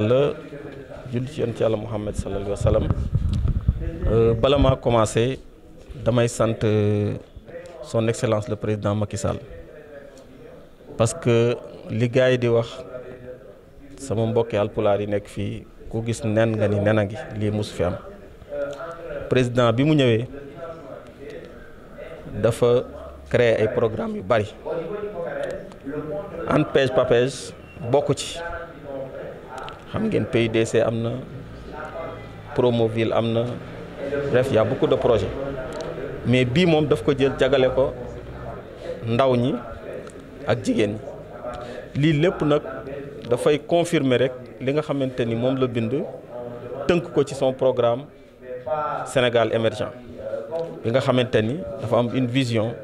la julli ci yonent yàlla Muhammad sallallahu alayhi wa sallam euh, bala maa commencé damay sant euh, son excellence le président Macky Sall parce que li gars yi di wax sama mbokki alpulaar yi nekk fii ku gis nen nga ni nen a ngi lii mosu fi am président bi mu ñëwee dafa créer ay programmes yu bari ANPEJ PAPEJ bokk ci xam ngeen PUDC am na Promoville am na bref y a beaucoup de projets mais bii moom daf ko jël jagale ko ndaw ñi ak jigéen ñi lii lépp nag dafay confirmer rek li nga xamante ni moom la bind tënk ko ci son programme Sénégal émergent bi nga xamante ni dafa am une vision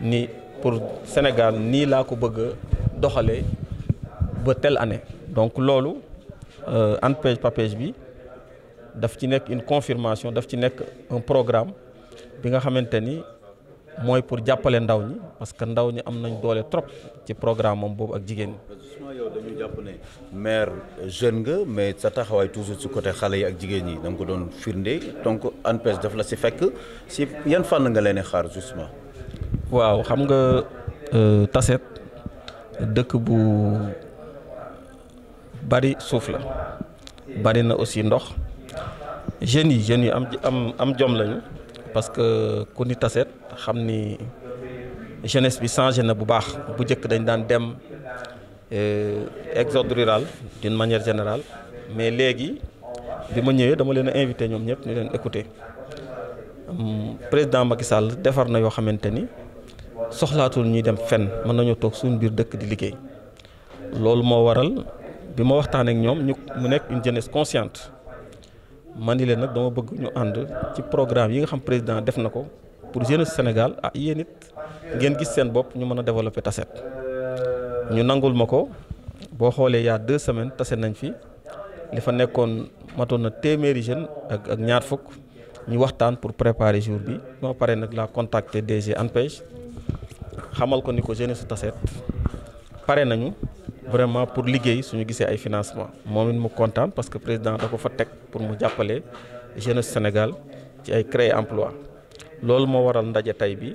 ni pour Sénégal nii laa ko bëgg a doxalee ba telle année donc loolu Euh, ANPEJ PAPEJ bi daf ci nekk une confirmation daf ci nekk un programme bi nga xamante ni mooy pour jàppale ndaw ñi parce que ndaw ñi am nañ doole trop ci programme moom boobu ak jigéen ñi. maire jeune nga mais sa taxawaay toujours ci côté xale yi ak jigéen ñi da nga ko doon firnde donc ANPEJ daf la si fekk si yan fànn nga leen xaar justement. waaw xam nga euh, Tassette dëkk bu. bari suuf la bari na aussi ndox jeunes yi jeunes yi am am am jom lañu parce que ku ni taseet xam ni jeunesse bi changé na bu baax bu njëkk dañ daan dem euh, exode rural d'une manière général mais léegi bi ma ñëwee dama leen a invité ñoom ñëpp ñu leen écouter hmm, président Macky Sall defar na yoo xamante ni soxlaatul ñuy dem fenn mën nañoo toog suñ biir dëkk di liggéey loolu moo waral. bi ma waxtaan ak ñoom ñu mu nekk une jeunesse consciente man ni leen nag dama bëgg ñu ànd ci programme yi nga xam président def na ko pour jeunesse Sénégal ah yéen it ngeen gis seen bopp ñu mën a développer Tassette ñu nangul ma ko boo xoolee yaa deux semaines tase nañ fi li fa nekkoon matoon na téeméeri jeune ak ñaar fukk ñu waxtaan pour préparer jour bi moo pare nag laa contacter DG ANPEJ xamal ko ni ko jeunesse Tassette pare nañu vraiment pour liggéey suñu gisee ay financement moom it mu kontaan parce que président da ko fa teg pour mu jàppale jeunesse Sénégal ci ay créer emploi loolu moo waral ndaje tey bi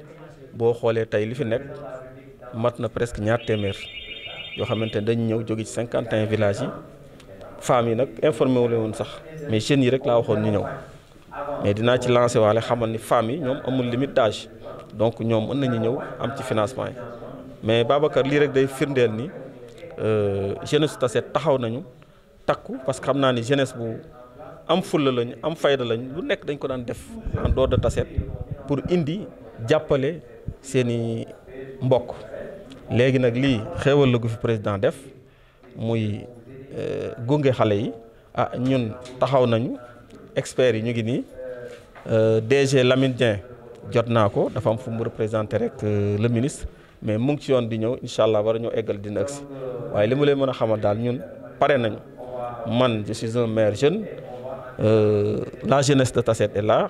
boo xoolee tey li fi nekk mat na presque ñaar téeméer yoo xamante ne dañu ñëw jóge ci cinquante et un villages yi nag informé wu leen woon sax mais jeunes yi rek laa waxoon nu ñëw mais dinaa ci lancé waale xamal ni femmes yi ñoom amul limite donc ñoom mën nañu ñëw am ci financement yi mais Babacar lii rek day firndeel Euh, jeunesse Tassette taxaw nañu takku parce que xam naa ni jeunesse bu am fulla lañ am fayda lañ lu nekk dañ ko daan def en dehors de Tassette pour indi jàppale seeni mbokk léegi nag lii xéewal la fi président def muy euh, gunge xale yi ah ñun taxaw nañu experts yi ñu ngi nii euh, DG Lamine Dieng jot naa ko dafa am fu mu représenté rek le ministre mais mu ngi ci yoon di ñëw incha allah war ñu eggal dina agsi waaye li mu leen mën a xamal daal ñun pare nañu man je suis un maire jeune euh, la jeunesse de Tassette et la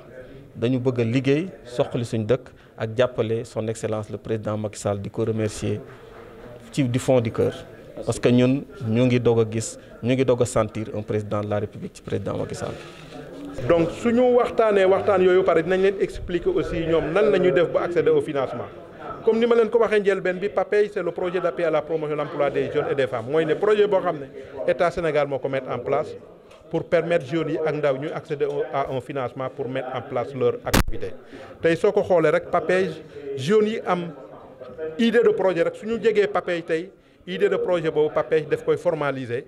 dañu bëgg liggéey soxali suñ dëkk ak jàppale son excellence le président Macky Sall di ko remercier ci du fond du cœur parce que ñun ñu ngi doog a gis ñu ngi doog a sentir un président la république ci président Macky Sall. donc suñu waxtaanee waxtaan yooyu pare dinañ leen expliquer aussi ñoom nan la ñuy def ba accéder financement. comme ni ma leen ko waxee njëlbeen bi PAPEJ c' est le projet d' appui à la promotion de l' emploi des et des femmes mooy ne projet boo xam ne état Sénégal moo ko mettre en place pour permettre jeunes yi ak ndaw ñu accéder à un financement pour mettre en place leur activité tey soo ko xoolee rek PAPEJ jeunes yi am idée de projet rek su ñu jegee PAPEJ tey idée de projet boobu PAPEJ daf koy formaliser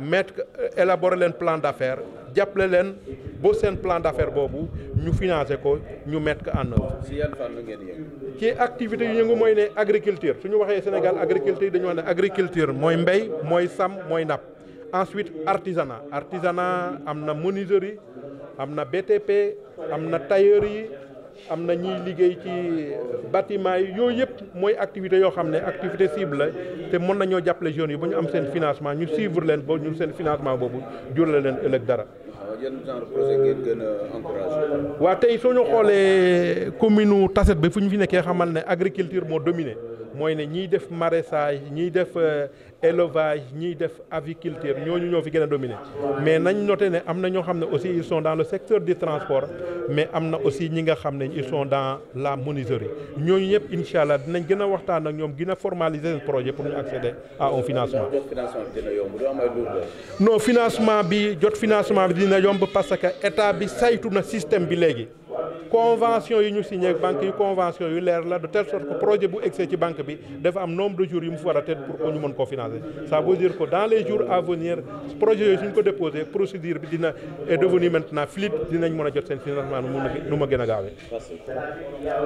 mettre euh, élaborer leen plan d'affaires jàppale leen ba seen plan d'affaires boobu ñu financer ko ñu mettre ko en œuvre. si yan ci activité yu yëngu mooy ne agriculture su ñu waxee Sénégal agriculture dañu wax ne agriculture mooy mbéy mooy sàmm mooy napp ensuite artisanat artisanat am na menuiserie am na BTP am na tailleur yi. am na ñuy liggéey ci bâtiment yi yooyu yëpp mooy activité yoo xam ne activité cible la te mën nañoo jàppale jeunes yi ba ñu am seen financement ñu suivre leen ba ñu seen financement boobu jur la leen ëllëg dara. waa tey soo ñu xoolee commune u bi fu ñu fi nekkee xamal ne agriculture moo dominé mooy ne ñiy def maraîchage ñiy def. Euh, élevage ñiy def aviculture ñooñu ñoo fi gën a dominé mais nañ noté ne am na ñoo xam ne aussi ils sont dans le secteur du transport mais am na aussi ñi nga xam ne ils sont dans la menuiserie ñooñu ñëpp incha allah dinañ gën a waxtaan ak ñoom gën a formaliser projet pour ñu accéder a un financement. non financement bi jot financement bi dina yomb parce que état bi saytu na système bi léegi. convention yi ñu signé ak banque yi convention yu leer la de telle sorte que projet bu excès ci banque bi dafa am nombre de yu mu war a teg pour ko ñu mën koo financer ça veut dire que dans les jours à venir projet yooyu suñ ko déposé procédure bi dina est devenu maintenant fluide dinañ mën a jot seen financement nu ma gën a gaawee.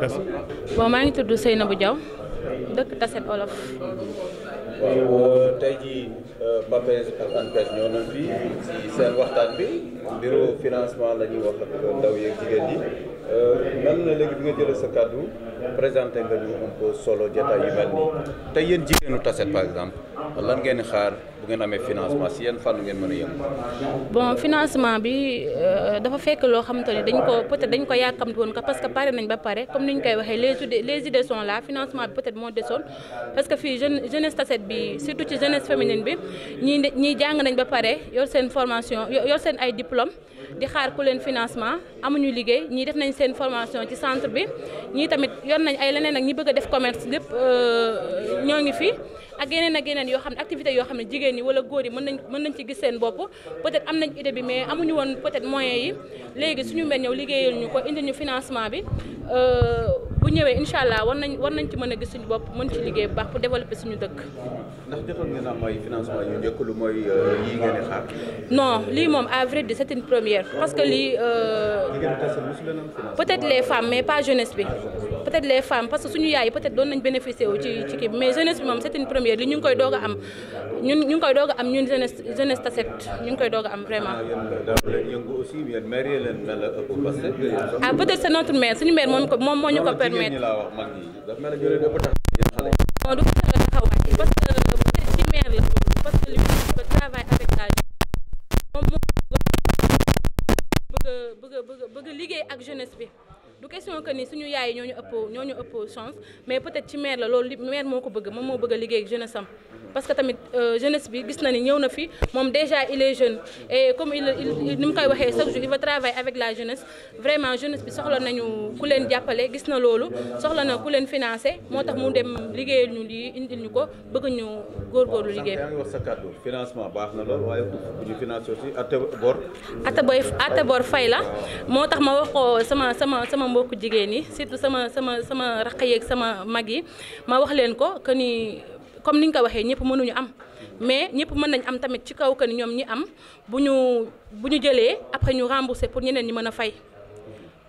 merci. bon maa ngi tudd Seynabou Diaw dëkk Tassette Olof. waaw euh, tey jii euh, Mapes ak ANPEJ ñëw nañ fii ci seen waxtaan bi bureau financement la ñuy wax ak jigéen ñi. mel euh, na léegi bi nga jëlee sa kàddu présenté nga ñu un peu solo jotaay yu mel nii tey yéen jigéenu Tassette par exemple lan ngeen xaar bu ngeen amee financement si yéen fànn ngeen mën a bi euh, dafa fekk loo xam ne dañ ko peut-être dañ ko yàkkamti woon ko parce que pare nañ ba pare comme ni ñu koy waxee les idées les idées sont là financement bi peut-être moo desoon parce que fii jeune jeunesse Tassette bi surtout ci jeunesse féminine bi ñii ñii jàng nañ ba pare yor seen formation yor seen ay diplôme di xaar ku leen financement amuñu liggéey ñii seen formation ci centre bi ñii tamit yor nañ ay leneen ak ñi bëgg a def commerce lépp euh, ñoo ngi fi ak yeneen ak yeneen yoo xam ne activité yoo xam ne jigéen ñi wala góor yi mën nañ mën nañ ci gis seen bopp peut-être am nañ idée bi mais amuñu woon peut-être yi léegi suñu mel ñëw liggéeyal ñu ko indi ñu financement bi euh, bu ñëwee incha allah war nañ war nañ ci mën a gis suñu bopp mën ci liggéey bu baax pour développer suñu dëkk. ndax jotoon ngeen am ay financement peut-être les femmes mais pas jeunesse bi peut-être les femmes parce suñu yaay peut-être doon nañ bénéficier wu ci ci kii mais jeunesse bi moom c'est première li ñu ngi koy doog am ñu ngi koy doog am ñun jeunesse jeunesse taset ñu ngi koy doog am vraiment. Ah, ah peut-être c'est notre mère suñu mère moom moom moo ñu ko permettre. que ni suñu yaay yi ñoo ñu ëpp ñoo chance mais peut-être ci maire la loolu maire moo ko bëgg moom moo bëgg a liggéey jeunesse am parce que tamit euh, jeunesse bi gis na ni ñëw na fi moom déjà il est jeune comme il ni mu koy waxee chaque jour il va travailler avec la jeunesse vraiment jeunesse bi soxla nañu ku leen jàppale gis na loolu soxla na ku leen financé moo tax mu dem liggéeyal ñu lii indil ñu ko bëgg ñu góorgóorlu liggéey bi. wax sa kàddu financement jigéen yi surtout sama sama sama raq yeeg sama mag yi ma wax leen ko que ni comme ni nga ko waxee ñëpp mënuñu am mais ñëpp mën nañ am tamit ci kaw que ni ñoom ñi am bu ñu bu ñu jëlee après ñu rembourser pour ñeneen ñi mën a fay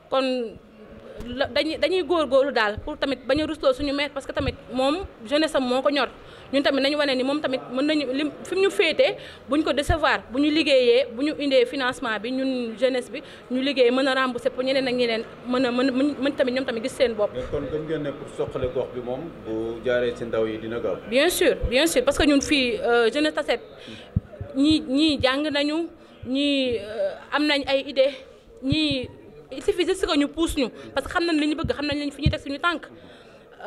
kon dañuy góor góoru daal pour tamit bañu a suñu maire parce que tamit moom jeunesse am moo ko ñor ñun tamit nañu wane ni moom tamit mën nañu lim fi ñu féetee bu ñu ko décevoir bu ñu liggéeyee bu ñu indee financement bi ñun jeunesse bi ñu liggéey mën a rembourser pour ñeneen ak ñeneen mën a mën mën tamit ñoom tamit gis seen bopp. mais kon gëm ngeen ne pour soqale gox bi moom bu jaaree ci ndaw yi dina gaaw. bien sûr bien sûr parce que ñun fi euh, jeunesse Tassette ñii ñii jàng nañu ñii euh, am nañ ay idée ñii il suffit juste ñu pousse ñu parce que xam nañ li ñu bëgg xam nañ lañ fi ñuy teg suñu tànk.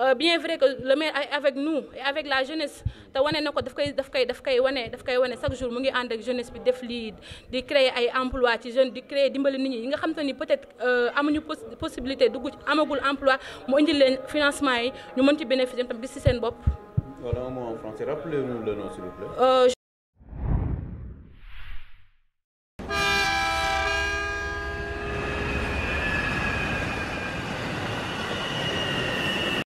Euh, bien vrai que le maire est avec nous et avec la jeunesse te wane na ko daf koy daf koy daf koy wane daf koy wane chaque jour mu ngi ànd ak jeunesse bi def lii di créer ay emploi ci jeune di créer dimbali nit ñi yi nga xam te ni peut-être euh, amuñu possibilité dugg amagul emploi mu indil leen financement yi ñu mën ci bénéficier tam gis ci seen bopp. Voilà un